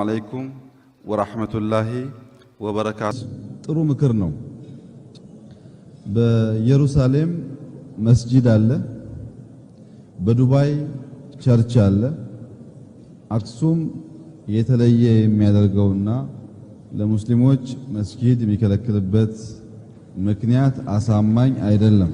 አለይኩም ወራህመቱላሂ ወበረካቱ። ጥሩ ምክር ነው። በኢየሩሳሌም መስጂድ አለ፣ በዱባይ ቸርች አለ። አክሱም የተለየ የሚያደርገውና ለሙስሊሞች መስጅድ የሚከለክልበት ምክንያት አሳማኝ አይደለም።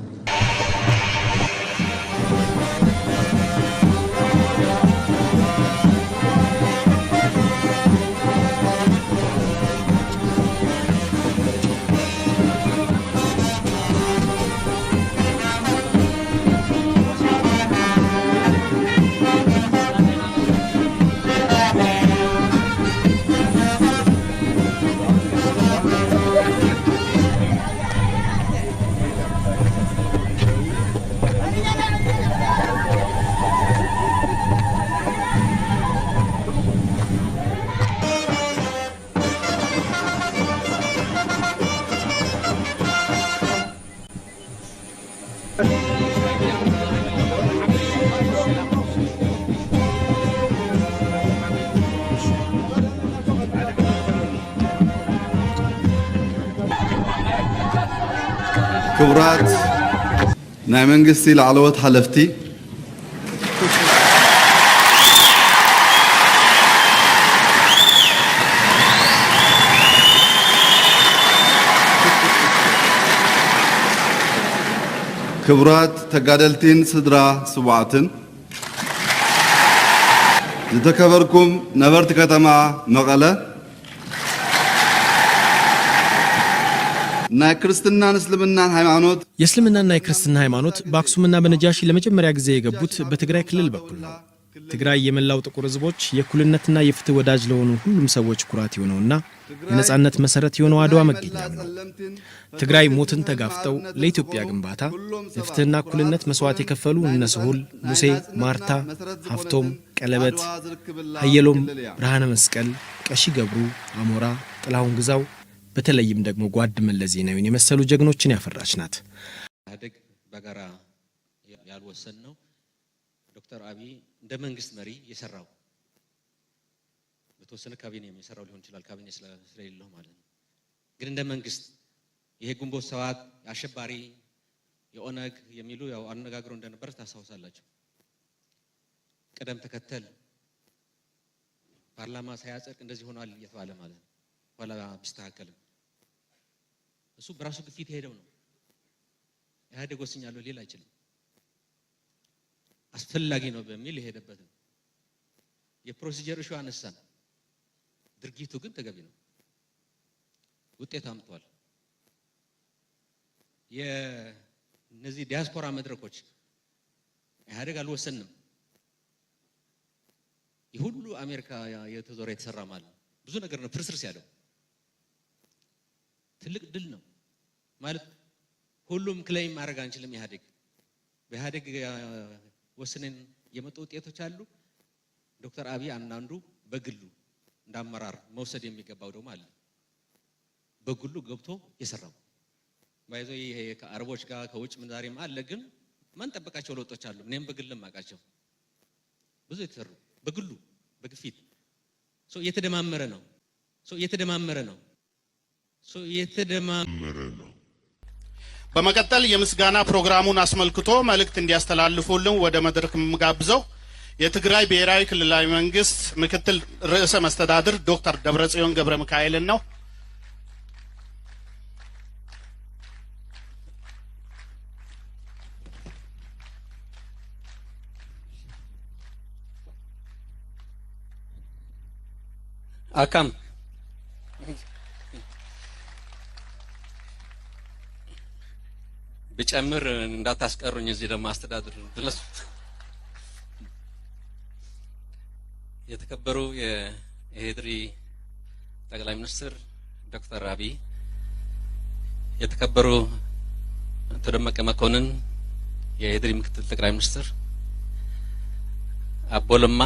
ናይ መንግስቲ ላዕለወት ሓለፍቲ ክቡራት ተጋደልቲን ስድራ ስዋዕትን ዝተከበርኩም ነበርቲ ከተማ መቐለ እና እስልምናን ሃይማኖት የእስልምናና የክርስትና ሃይማኖት በአክሱምና በነጃሺ ለመጀመሪያ ጊዜ የገቡት በትግራይ ክልል በኩል ነው። ትግራይ የመላው ጥቁር ህዝቦች የእኩልነትና የፍትህ ወዳጅ ለሆኑ ሁሉም ሰዎች ኩራት የሆነውና የነጻነት መሰረት የሆነው አድዋ መገኛም ነው። ትግራይ ሞትን ተጋፍጠው ለኢትዮጵያ ግንባታ ለፍትህና እኩልነት መስዋዕት የከፈሉ እነስሁል ሙሴ፣ ማርታ፣ ሀፍቶም፣ ቀለበት፣ ሀየሎም ብርሃነ መስቀል፣ ቀሺ ገብሩ፣ አሞራ፣ ጥላሁን ግዛው በተለይም ደግሞ ጓድ መለስ ዜናዊን የመሰሉ ጀግኖችን ያፈራች ናት። ኢህአዴግ በጋራ ያልወሰን ነው። ዶክተር አብይ እንደ መንግስት መሪ የሰራው በተወሰነ ካቢኔ የሰራው ሊሆን ይችላል፣ ካቢኔ ስለሌለው ማለት ነው። ግን እንደ መንግስት ይሄ ግንቦት ሰባት አሸባሪ የኦነግ የሚሉ ያው አነጋግሮ እንደነበረ ታስታውሳላችሁ። ቅደም ተከተል ፓርላማ ሳያጸድቅ እንደዚህ ሆኗል እየተባለ ማለት ነው። ኋላ አስተካከልም እሱ በራሱ ግፊት የሄደው ነው። ኢህአዴግ ወስኛለሁ ሌላ አይችልም አስፈላጊ ነው በሚል የሄደበት ነው። የፕሮሲጀር እሹ አነሳ ድርጊቱ ግን ተገቢ ነው፣ ውጤት አምጥቷል። የእነዚህ ዲያስፖራ መድረኮች ኢህአዴግ አልወሰንም የሁሉ አሜሪካ የተዞረ የተሰራ ማለት ነው። ብዙ ነገር ነው ፍርስርስ ያለው ትልቅ ድል ነው። ማለት ሁሉም ክሌም ማድረግ አንችልም። ኢህአዴግ በኢህአዴግ ወስነን የመጡ ውጤቶች አሉ። ዶክተር አብይ አንዳንዱ በግሉ እንዳመራር መውሰድ የሚገባው ደግሞ አለ። በግሉ ገብቶ የሰራው ባይዞ ይሄ ከአረቦች ጋር ከውጭ ምንዛሬም አለ። ግን ማን ጠበቃቸው ለውጦች አሉ። እኔም በግልም አውቃቸው ብዙ የተሰሩ በግሉ በግፊት እየተደማመረ ነው። እየተደማመረ ነው። እየተደማመረ ነው። በመቀጠል የምስጋና ፕሮግራሙን አስመልክቶ መልእክት እንዲያስተላልፉልን ወደ መድረክ የምጋብዘው የትግራይ ብሔራዊ ክልላዊ መንግስት ምክትል ርዕሰ መስተዳድር ዶክተር ደብረጽዮን ገብረ ሚካኤልን ነው። አካም ብጨምር እንዳታስቀሩኝ እዚህ ደግሞ አስተዳድር ድረስ። የተከበሩ የኤድሪ ጠቅላይ ሚኒስትር ዶክተር አብይ፣ የተከበሩ ተደመቀ መኮንን የኤድሪ ምክትል ጠቅላይ ሚኒስትር፣ አቦ ለማ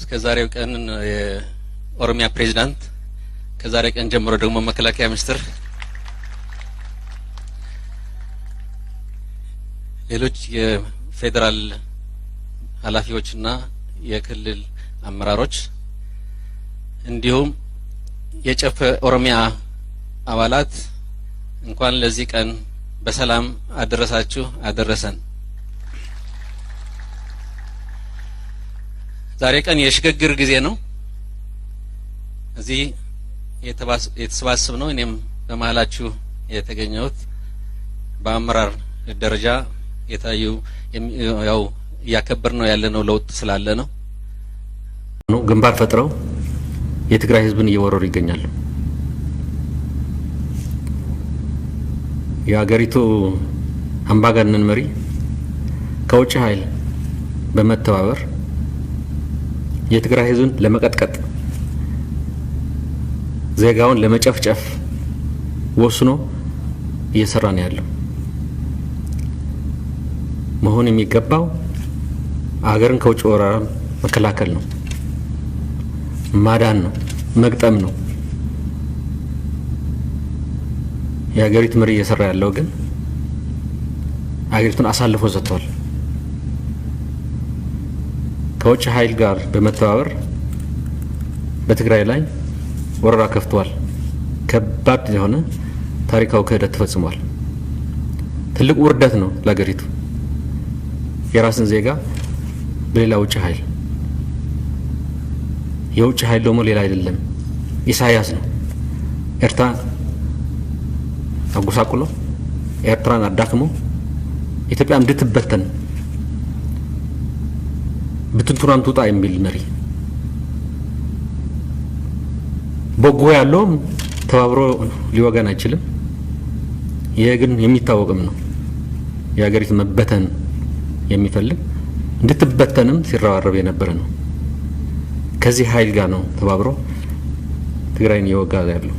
እስከ ዛሬው ቀን የኦሮሚያ ፕሬዚዳንት፣ ከዛሬ ቀን ጀምሮ ደግሞ መከላከያ ሚኒስትር ሌሎች የፌዴራል ኃላፊዎችና የክልል አመራሮች እንዲሁም የጨፈ ኦሮሚያ አባላት እንኳን ለዚህ ቀን በሰላም አደረሳችሁ አደረሰን። ዛሬ ቀን የሽግግር ጊዜ ነው። እዚህ የተሰባሰብ ነው። እኔም በመሀላችሁ የተገኘሁት በአመራር ደረጃ የታዩ ያው እያከበር ነው ያለ ነው ለውጥ ስላለ ነው ግንባር ፈጥረው የትግራይ ህዝብን እየወረሩ ይገኛሉ። የሀገሪቱ አምባገነን መሪ ከውጭ ኃይል በመተባበር የትግራይ ህዝብን ለመቀጥቀጥ ዜጋውን ለመጨፍጨፍ ወስኖ እየሰራ ነው ያለው። መሆን የሚገባው አገርን ከውጭ ወረራ መከላከል ነው፣ ማዳን ነው፣ መግጠም ነው። የሀገሪቱ መሪ እየሰራ ያለው ግን አገሪቱን አሳልፎ ሰጥቷል። ከውጭ ኃይል ጋር በመተባበር በትግራይ ላይ ወረራ ከፍቷል። ከባድ የሆነ ታሪካዊ ክህደት ተፈጽሟል። ትልቅ ውርደት ነው ለሀገሪቱ። የራስን ዜጋ በሌላ ውጭ ኃይል የውጭ ኃይል ደግሞ ሌላ አይደለም፣ ኢሳያስ ነው። ኤርትራን አጎሳቁሎ ኤርትራን አዳክሞ ኢትዮጵያ እንድትበተን ብትንቱናን ትውጣ የሚል መሪ በጎ ያለውም ተባብሮ ሊወገን አይችልም። ይህ ግን የሚታወቅም ነው የሀገሪቱ መበተን የሚፈልግ እንድትበተንም ሲረባረብ የነበረ ነው። ከዚህ ኃይል ጋር ነው ተባብሮ ትግራይን እየወጋ ያለው።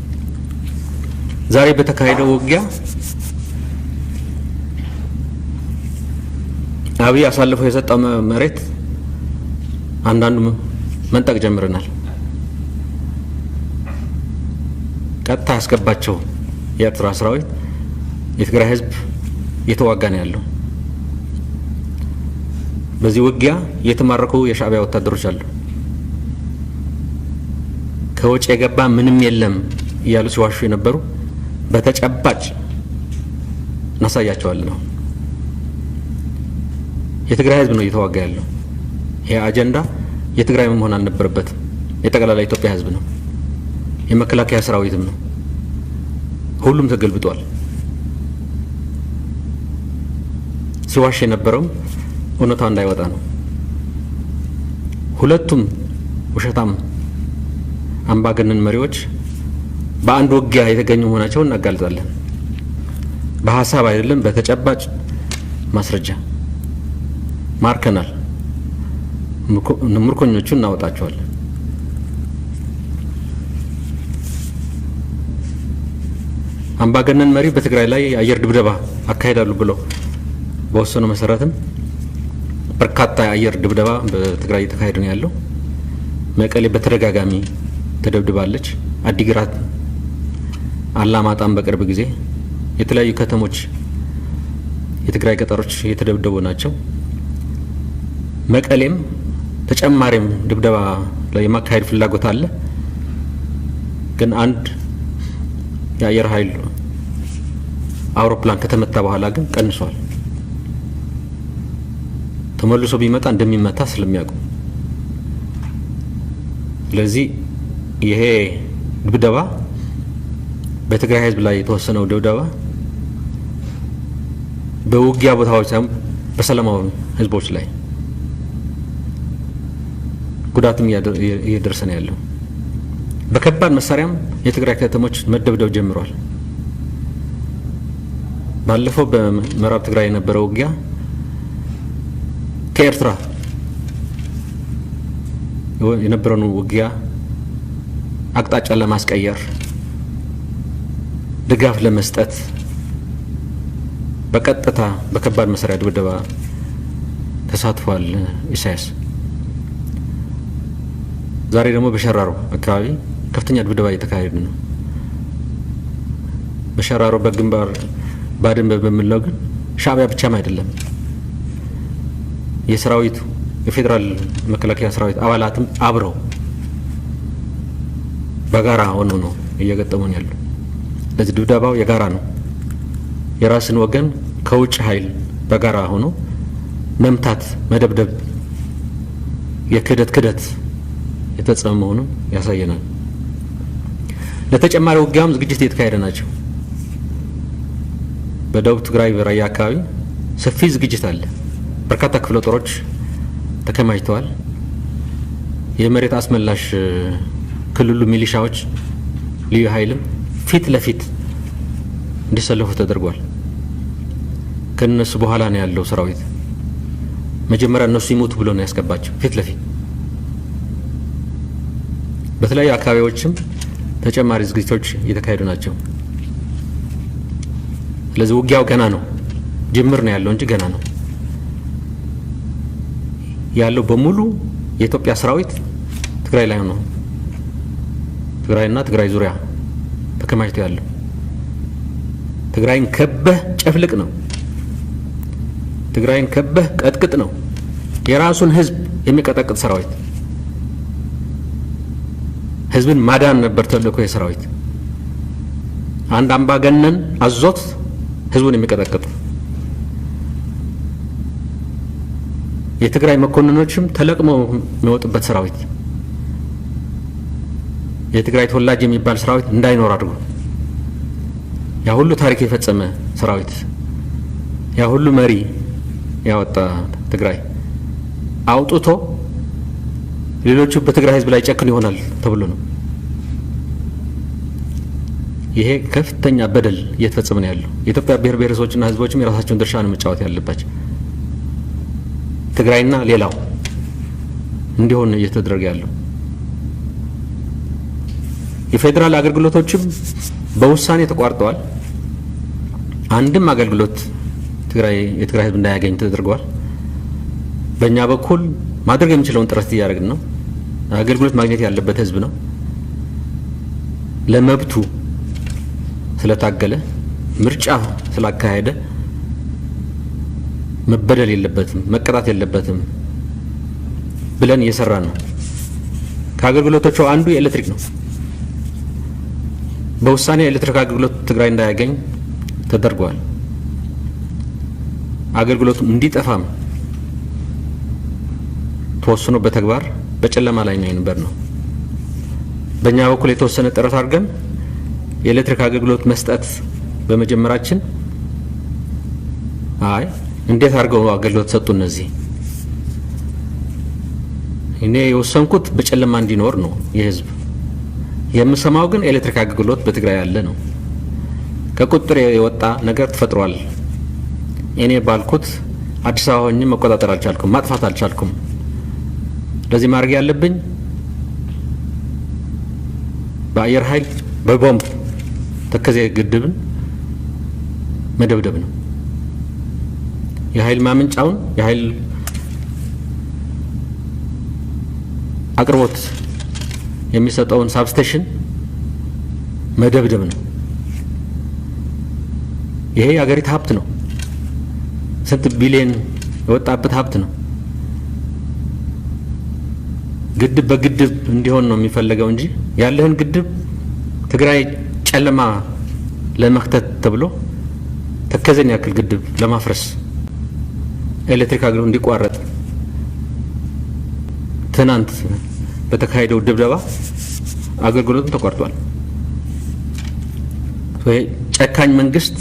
ዛሬ በተካሄደው ውጊያ አብይ አሳልፎ የሰጠው መሬት አንዳንዱ መንጠቅ ጀምረናል። ቀጥታ ያስገባቸው የኤርትራ ሰራዊት የትግራይ ህዝብ እየተዋጋ ነው ያለው። በዚህ ውጊያ የተማረኩ የሻእቢያ ወታደሮች አሉ። ከውጭ የገባ ምንም የለም እያሉ ሲዋሹ የነበሩ በተጨባጭ እናሳያቸዋል ነው የትግራይ ህዝብ ነው እየተዋጋ ያለው። ይህ አጀንዳ የትግራይ መሆን አልነበረበትም። የጠቅላላ ኢትዮጵያ ህዝብ ነው፣ የመከላከያ ሰራዊትም ነው። ሁሉም ተገልብጧል። ሲዋሽ የነበረውም እውነቷ እንዳይወጣ ነው። ሁለቱም ውሸታም አምባገነን መሪዎች በአንድ ውጊያ የተገኙ መሆናቸውን እናጋልጣለን። በሀሳብ አይደለም፣ በተጨባጭ ማስረጃ ማርከናል። ምርኮኞቹን እናወጣቸዋለን። አምባገነን መሪ በትግራይ ላይ የአየር ድብደባ አካሄዳሉ ብለው በወሰኑ መሰረትም በርካታ የአየር ድብደባ በትግራይ እየተካሄደ ነው ያለው። መቀሌ በተደጋጋሚ ተደብድባለች። አዲግራት፣ አላማጣም በቅርብ ጊዜ የተለያዩ ከተሞች የትግራይ ገጠሮች እየተደብደቡ ናቸው። መቀሌም ተጨማሪም ድብደባ ላይ የማካሄድ ፍላጎት አለ። ግን አንድ የአየር ኃይል አውሮፕላን ከተመታ በኋላ ግን ቀንሷል። ተመልሶ ቢመጣ እንደሚመታ ስለሚያውቁ፣ ስለዚህ ይሄ ድብደባ በትግራይ ህዝብ ላይ የተወሰነው ድብደባ በውጊያ ቦታዎች ሳይሆን በሰላማዊ ህዝቦች ላይ ጉዳትም እየደረሰ ነው ያለው። በከባድ መሳሪያም የትግራይ ከተሞች መደብደብ ጀምሯል። ባለፈው በምዕራብ ትግራይ የነበረው ውጊያ ከኤርትራ የነበረን ውጊያ አቅጣጫ ለማስቀየር ድጋፍ ለመስጠት በቀጥታ በከባድ መሳሪያ ድብደባ ተሳትፏል። ኢሳያስ ዛሬ ደግሞ በሸራሮ አካባቢ ከፍተኛ ድብደባ እየተካሄደ ነው። በሸራሮ በግንባር ባድን በምለው ግን ሻዕቢያ ብቻም አይደለም። የሰራዊቱ የፌዴራል መከላከያ ሰራዊት አባላትም አብረው በጋራ ሆኖ ነው እየገጠሙን ያሉ። ለዚህ ድብደባው የጋራ ነው። የራስን ወገን ከውጭ ኃይል በጋራ ሆኖ መምታት፣ መደብደብ የክህደት ክህደት የተጸመ መሆኑን ያሳየናል። ለተጨማሪ ውጊያም ዝግጅት እየተካሄደ ናቸው። በደቡብ ትግራይ በራያ አካባቢ ሰፊ ዝግጅት አለ። በርካታ ክፍለ ጦሮች ተከማችተዋል። የመሬት አስመላሽ ክልሉ ሚሊሻዎች፣ ልዩ ኃይልም ፊት ለፊት እንዲሰለፉ ተደርጓል። ከነሱ በኋላ ነው ያለው ሰራዊት። መጀመሪያ እነሱ ይሞቱ ብሎ ነው ያስገባቸው ፊት ለፊት። በተለያዩ አካባቢዎችም ተጨማሪ ዝግጅቶች እየተካሄዱ ናቸው። ስለዚህ ውጊያው ገና ነው፣ ጅምር ነው ያለው እንጂ ገና ነው። ያለው በሙሉ የኢትዮጵያ ሰራዊት ትግራይ ላይ ነው። ትግራይና ትግራይ ዙሪያ ተከማችቶ ያለው ትግራይን ከበህ ጨፍልቅ ነው። ትግራይን ከበህ ቀጥቅጥ ነው። የራሱን ህዝብ የሚቀጠቅጥ ሰራዊት ህዝብን ማዳን ነበር ተልእኮ የሰራዊት አንድ አምባገነን አዞት ህዝቡን የሚቀጠቅጥ የትግራይ መኮንኖችም ተለቅመው የሚወጡበት ሰራዊት የትግራይ ተወላጅ የሚባል ሰራዊት እንዳይኖር አድርጎ ያ ሁሉ ታሪክ የፈጸመ ሰራዊት ያ ሁሉ መሪ ያወጣ ትግራይ አውጥቶ ሌሎቹ በትግራይ ህዝብ ላይ ጨክን ይሆናል ተብሎ ነው። ይሄ ከፍተኛ በደል እየተፈጸመ ነው ያለው። የኢትዮጵያ ብሔር ብሔረሰቦችና ህዝቦችም የራሳቸውን ድርሻ ነው መጫወት ያለባቸው። ትግራይና ሌላው እንዲሆን እየተደረገ ያለው የፌዴራል አገልግሎቶችም በውሳኔ ተቋርጠዋል። አንድም አገልግሎት ትግራይ የትግራይ ህዝብ እንዳያገኝ ተደርገዋል። በእኛ በኩል ማድረግ የምንችለውን ጥረት እያደረግን ነው። አገልግሎት ማግኘት ያለበት ህዝብ ነው። ለመብቱ ስለታገለ ምርጫ ስላካሄደ መበደል የለበትም መቀጣት የለበትም ብለን እየሰራን ነው። ከአገልግሎቶቹ አንዱ የኤሌክትሪክ ነው። በውሳኔ የኤሌክትሪክ አገልግሎት ትግራይ እንዳያገኝ ተደርጓል። አገልግሎቱም እንዲጠፋም ተወስኖ በተግባር በጨለማ ላይ ነው የነበር ነው። በእኛ በኩል የተወሰነ ጥረት አድርገን የኤሌክትሪክ አገልግሎት መስጠት በመጀመራችን አይ እንዴት አድርገው አገልግሎት ሰጡ? እነዚህ እኔ የወሰንኩት በጨለማ እንዲኖር ነው የህዝብ የምሰማው ግን ኤሌክትሪክ አገልግሎት በትግራይ ያለ ነው። ከቁጥር የወጣ ነገር ተፈጥሯል። እኔ ባልኩት አዲስ አበባ ሆኜ መቆጣጠር አልቻልኩም፣ ማጥፋት አልቻልኩም። ለዚህ ማድረግ ያለብኝ በአየር ኃይል በቦምብ ተከዜ ግድብን መደብደብ ነው። የኃይል ማመንጫውን የኃይል አቅርቦት የሚሰጠውን ሳብስቴሽን መደብደብ ነው። ይሄ የሀገሪቱ ሀብት ነው። ስንት ቢሊየን የወጣበት ሀብት ነው። ግድብ በግድብ እንዲሆን ነው የሚፈለገው እንጂ ያለህን ግድብ ትግራይ ጨለማ ለመክተት ተብሎ ተከዘን ያክል ግድብ ለማፍረስ ኤሌክትሪክ አገልግሎት እንዲቋረጥ ትናንት በተካሄደው ድብደባ አገልግሎትም ተቋርጧል። ጨካኝ መንግስት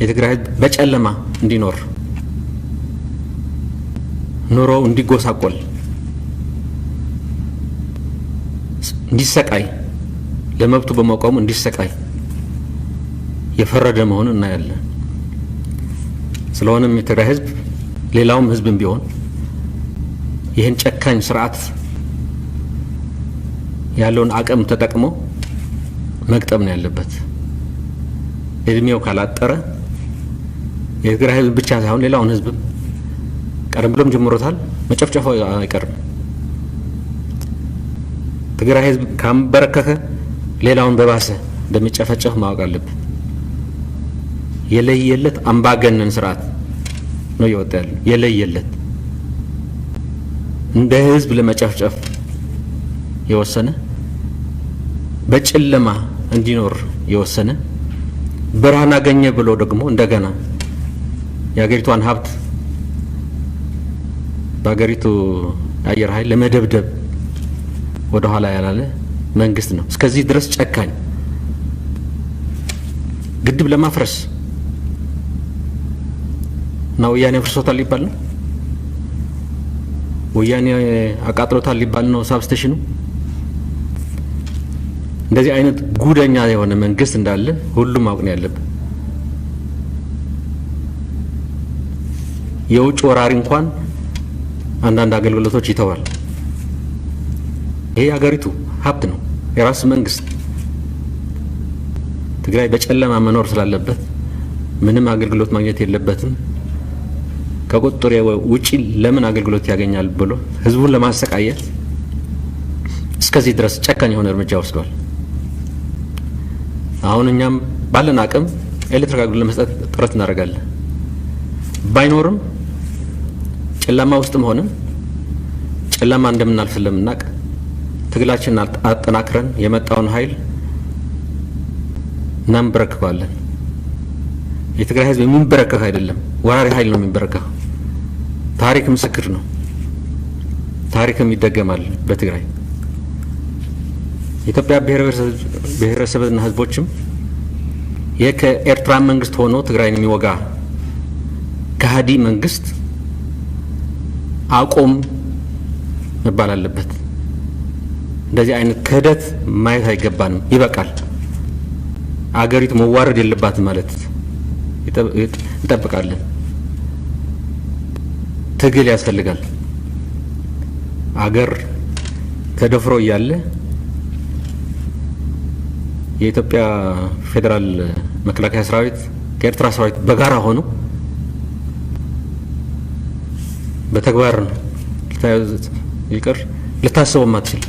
የትግራይ ህዝብ በጨለማ እንዲኖር ኑሮው እንዲጎሳቆል እንዲሰቃይ ለመብቱ በመቆሙ እንዲሰቃይ የፈረደ መሆኑን እናያለን። ስለሆነም የትግራይ ህዝብ ሌላውም ህዝብም ቢሆን ይህን ጨካኝ ስርዓት ያለውን አቅም ተጠቅሞ መግጠም ነው ያለበት። እድሜው ካላጠረ የትግራይ ህዝብ ብቻ ሳይሆን ሌላውን ህዝብም ቀደም ብሎም ጀምሮታል፣ መጨፍጨፉ አይቀርም። ትግራይ ህዝብ ካንበረከከ ሌላውን በባሰ እንደሚጨፈጨፍ ማወቅ አለብን። የለየለት አምባገነን ስርዓት ነው እየወጣ ያለ። የለየለት እንደ ህዝብ ለመጨፍጨፍ የወሰነ በጨለማ እንዲኖር የወሰነ ብርሃን አገኘ ብሎ ደግሞ እንደገና የሀገሪቷን ሀብት በሀገሪቱ አየር ኃይል ለመደብደብ ወደኋላ ያላለ መንግስት ነው። እስከዚህ ድረስ ጨካኝ ግድብ ለማፍረስ እና ወያኔ አፍርሶታል ሊባል ነው? ወያኔ አቃጥሎታል ሊባል ነው? ሳብስቴሽኑ እንደዚህ አይነት ጉደኛ የሆነ መንግስት እንዳለ ሁሉም ማወቅ ነው ያለብን። የውጭ ወራሪ እንኳን አንዳንድ አገልግሎቶች ይተዋል። ይሄ የሀገሪቱ ሀብት ነው፣ የራስ መንግስት። ትግራይ በጨለማ መኖር ስላለበት ምንም አገልግሎት ማግኘት የለበትም። ከቁጥር ውጪ ለምን አገልግሎት ያገኛል ብሎ ህዝቡን ለማሰቃየት እስከዚህ ድረስ ጨካኝ የሆነ እርምጃ ወስዷል። አሁን እኛም ባለን አቅም ኤሌክትሪክ አገልግሎት ለመስጠት ጥረት እናደርጋለን። ባይኖርም ጨለማ ውስጥም ሆነን ጨለማ እንደምናልፍ ስለምናውቅ ትግላችን አጠናክረን የመጣውን ኃይል እናንበረክባለን። የትግራይ ህዝብ የሚንበረከክ አይደለም፣ ወራሪ ኃይል ነው የሚንበረከከው። ታሪክ ምስክር ነው። ታሪክም ይደገማል። በትግራይ የኢትዮጵያ ብሔረሰብና ህዝቦችም ይህ ከኤርትራ መንግስት ሆኖ ትግራይን የሚወጋ ከሃዲ መንግስት አቁም መባል አለበት። እንደዚህ አይነት ክህደት ማየት አይገባንም። ይበቃል። አገሪቱ መዋረድ የለባትም ማለት እንጠብቃለን። ትግል ያስፈልጋል። አገር ተደፍሮ እያለ የኢትዮጵያ ፌዴራል መከላከያ ሰራዊት ከኤርትራ ሰራዊት በጋራ ሆኖ በተግባር ይቅር ልታስበው ማትችል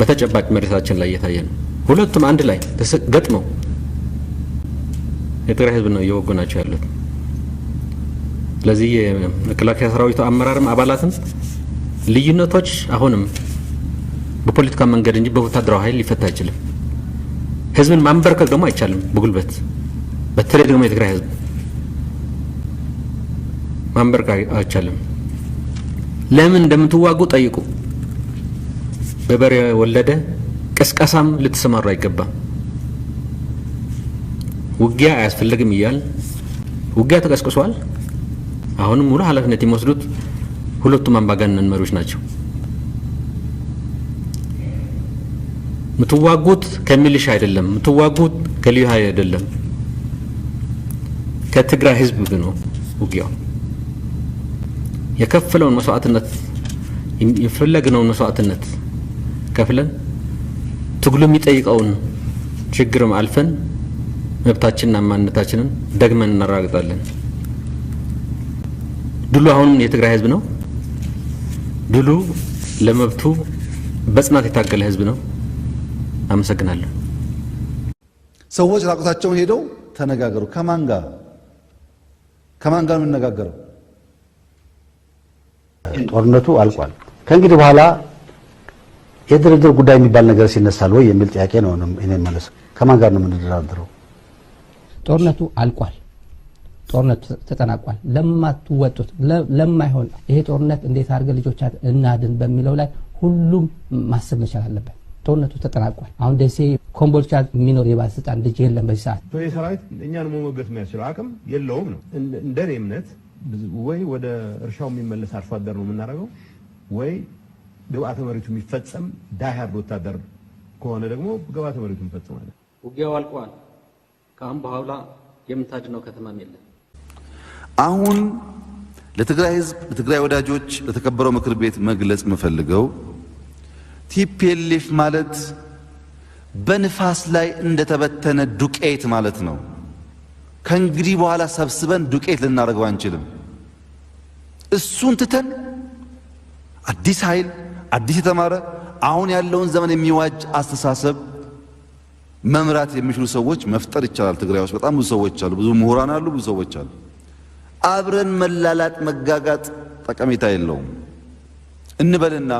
በተጨባጭ መሬታችን ላይ እየታየ ነው። ሁለቱም አንድ ላይ ገጥመው የትግራይ ህዝብ ነው እየወጉ ናቸው ያሉት። ለዚህ የመከላከያ ሰራዊቱ አመራርም አባላትም ልዩነቶች አሁንም በፖለቲካ መንገድ እንጂ በወታደራዊ ኃይል ሊፈታ አይችልም። ህዝብን ማንበርከክ ደግሞ አይቻልም በጉልበት በተለይ ደግሞ የትግራይ ህዝብ ማንበርከክ አይቻልም። ለምን እንደምትዋጉ ጠይቁ። በበሬ ወለደ ቅስቀሳም ልትሰማሩ አይገባም። ውጊያ አያስፈልግም እያል ውጊያ ተቀስቅሷል። አሁንም ሙሉ ኃላፊነት የሚወስዱት ሁለቱም አምባገነን መሪዎች ናቸው። ምትዋጉት ከሚሊሻ አይደለም፣ ምትዋጉት ከልዩ ኃይል አይደለም፣ ከትግራይ ህዝብ ነው ውጊያው። የከፈለውን መስዋዕትነት የፈለግነውን መስዋዕትነት ከፍለን ትግሉ የሚጠይቀውን ችግርም አልፈን መብታችንና ማንነታችንን ደግመን እናረጋግጣለን። ድሉ አሁንም የትግራይ ህዝብ ነው። ድሉ ለመብቱ በጽናት የታገለ ህዝብ ነው። አመሰግናለሁ። ሰዎች ራቁታቸውን ሄደው ተነጋገሩ። ከማን ጋር ከማን ጋር የምነጋገረው? ጦርነቱ አልቋል። ከእንግዲህ በኋላ የድርድር ጉዳይ የሚባል ነገር ሲነሳል ወይ የሚል ጥያቄ ነው። እኔ መለስ ከማን ጋር ነው የምንደራድረው? ጦርነቱ አልቋል። ጦርነቱ ተጠናቋል። ለማትወጡት ለማይሆን ይሄ ጦርነት እንዴት አድርገን ልጆቻት እናድን በሚለው ላይ ሁሉም ማሰብ መቻል አለበት። ጦርነቱ ተጠናቋል። አሁን ደሴ ኮምቦልቻ የሚኖር የባለስልጣን ልጅ የለም። በዚህ ሰዓት ይህ ሰራዊት እኛን መሞገት የሚያስችል አቅም የለውም ነው እንደኔ እምነት። ወይ ወደ እርሻው የሚመለስ አርሶ አደር ነው የምናደርገው፣ ወይ ግብአተ መሬቱ የሚፈጸም ዳይሃርድ ወታደር ከሆነ ደግሞ ግብአተ መሬቱ እንፈጽማለን። ውጊያው አልቋል። ከአሁን በኋላ የምታድነው ከተማም የለም። አሁን ለትግራይ ህዝብ፣ ለትግራይ ወዳጆች፣ ለተከበረው ምክር ቤት መግለጽ የምፈልገው ቲፒኤልኤፍ ማለት በንፋስ ላይ እንደተበተነ ዱቄት ማለት ነው። ከእንግዲህ በኋላ ሰብስበን ዱቄት ልናደርገው አንችልም። እሱን ትተን አዲስ ኃይል፣ አዲስ የተማረ አሁን ያለውን ዘመን የሚዋጅ አስተሳሰብ መምራት የሚችሉ ሰዎች መፍጠር ይቻላል። ትግራይ ውስጥ በጣም ብዙ ሰዎች አሉ፣ ብዙ ምሁራን አሉ፣ ብዙ ሰዎች አሉ። አብረን መላላጥ መጋጋጥ ጠቀሜታ የለውም እንበልና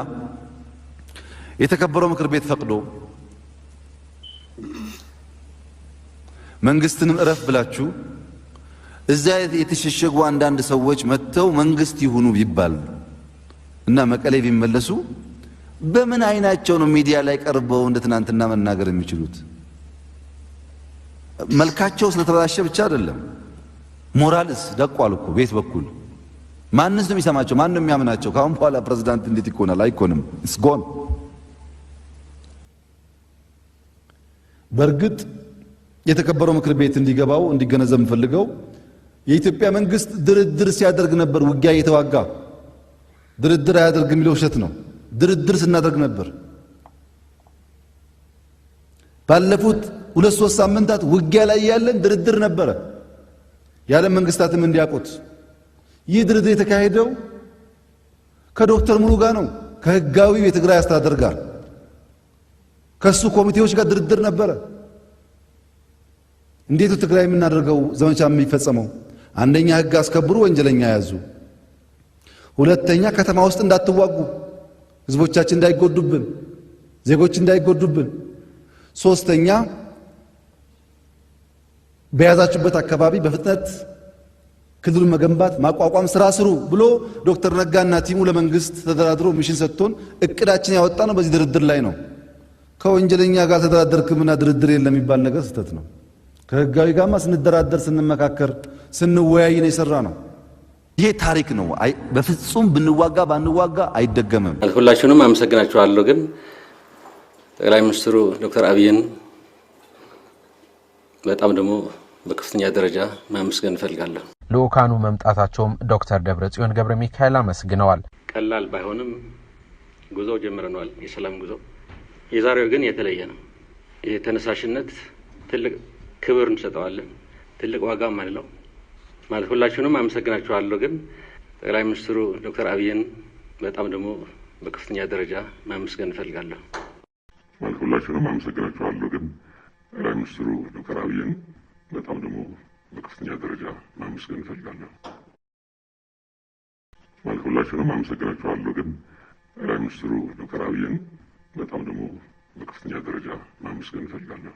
የተከበረው ምክር ቤት ፈቅዶ መንግስትንም እረፍ ብላችሁ እዛ የተሸሸጉ አንዳንድ ሰዎች መጥተው መንግስት ይሁኑ ቢባል እና መቀሌ ቢመለሱ በምን አይናቸው ነው ሚዲያ ላይ ቀርበው እንደ ትናንትና መናገር የሚችሉት? መልካቸው ስለተበላሸ ብቻ አይደለም። ሞራልስ ደቋል እኮ ቤት በኩል ማንስ ነው የሚሰማቸው? ማን ነው የሚያምናቸው? ከአሁን በኋላ ፕሬዚዳንት እንዴት ይኮናል? አይኮንም። እስጎን በእርግጥ የተከበረው ምክር ቤት እንዲገባው እንዲገነዘብ የምፈልገው የኢትዮጵያ መንግስት ድርድር ሲያደርግ ነበር ውጊያ እየተዋጋ ድርድር አያደርግ የሚለው ውሸት ነው። ድርድር ስናደርግ ነበር። ባለፉት ሁለት ሶስት ሳምንታት ውጊያ ላይ ያለን ድርድር ነበረ። የዓለም መንግስታትም እንዲያውቁት ይህ ድርድር የተካሄደው ከዶክተር ሙሉ ጋር ነው፣ ከህጋዊው የትግራይ አስተዳደር ጋር ከሱ ኮሚቴዎች ጋር ድርድር ነበረ። እንዴት ትግራይ የምናደርገው ዘመቻ የሚፈጸመው? አንደኛ ህግ አስከብሩ፣ ወንጀለኛ ያዙ። ሁለተኛ ከተማ ውስጥ እንዳትዋጉ፣ ህዝቦቻችን እንዳይጎዱብን፣ ዜጎች እንዳይጎዱብን። ሶስተኛ በያዛችሁበት አካባቢ በፍጥነት ክልሉን መገንባት ማቋቋም ስራ ስሩ ብሎ ዶክተር ነጋና ቲሙ ለመንግስት ተደራድሮ ሚሽን ሰጥቶን እቅዳችን ያወጣ ነው። በዚህ ድርድር ላይ ነው። ከወንጀለኛ ጋር ተደራደርክምና ድርድር የለም የሚባል ነገር ስህተት ነው። ከህጋዊ ጋማ ስንደራደር፣ ስንመካከር፣ ስንወያይ ነው የሰራ ነው። ይሄ ታሪክ ነው። በፍጹም ብንዋጋ ባንዋጋ አይደገምም። ሁላችሁንም አመሰግናችኋለሁ። ግን ጠቅላይ ሚኒስትሩ ዶክተር አብይን በጣም ደግሞ በከፍተኛ ደረጃ ማመስገን እንፈልጋለሁ። ልኡካኑ መምጣታቸውም ዶክተር ደብረ ጽዮን ገብረ ሚካኤል አመስግነዋል። ቀላል ባይሆንም ጉዞ ጀምረነዋል፣ የሰላም ጉዞ። የዛሬው ግን የተለየ ነው። ይህ ተነሳሽነት ትልቅ ክብር እንሰጠዋለን፣ ትልቅ ዋጋ አለው ማለት ሁላችሁንም አመሰግናችኋለሁ። ግን ጠቅላይ ሚኒስትሩ ዶክተር አብይን በጣም ደግሞ በከፍተኛ ደረጃ ማመስገን እንፈልጋለሁ ሁላችሁንም አመሰግናችኋለሁ ግን ጠቅላይ ሚኒስትሩ ዶክተር አብይን በጣም ደግሞ በከፍተኛ ደረጃ ማመስገን እፈልጋለሁ። ማለት ሁላችሁንም አመሰግናችኋለሁ፣ ግን ጠቅላይ ሚኒስትሩ ዶክተር አብይን በጣም ደግሞ በከፍተኛ ደረጃ ማመስገን እፈልጋለሁ።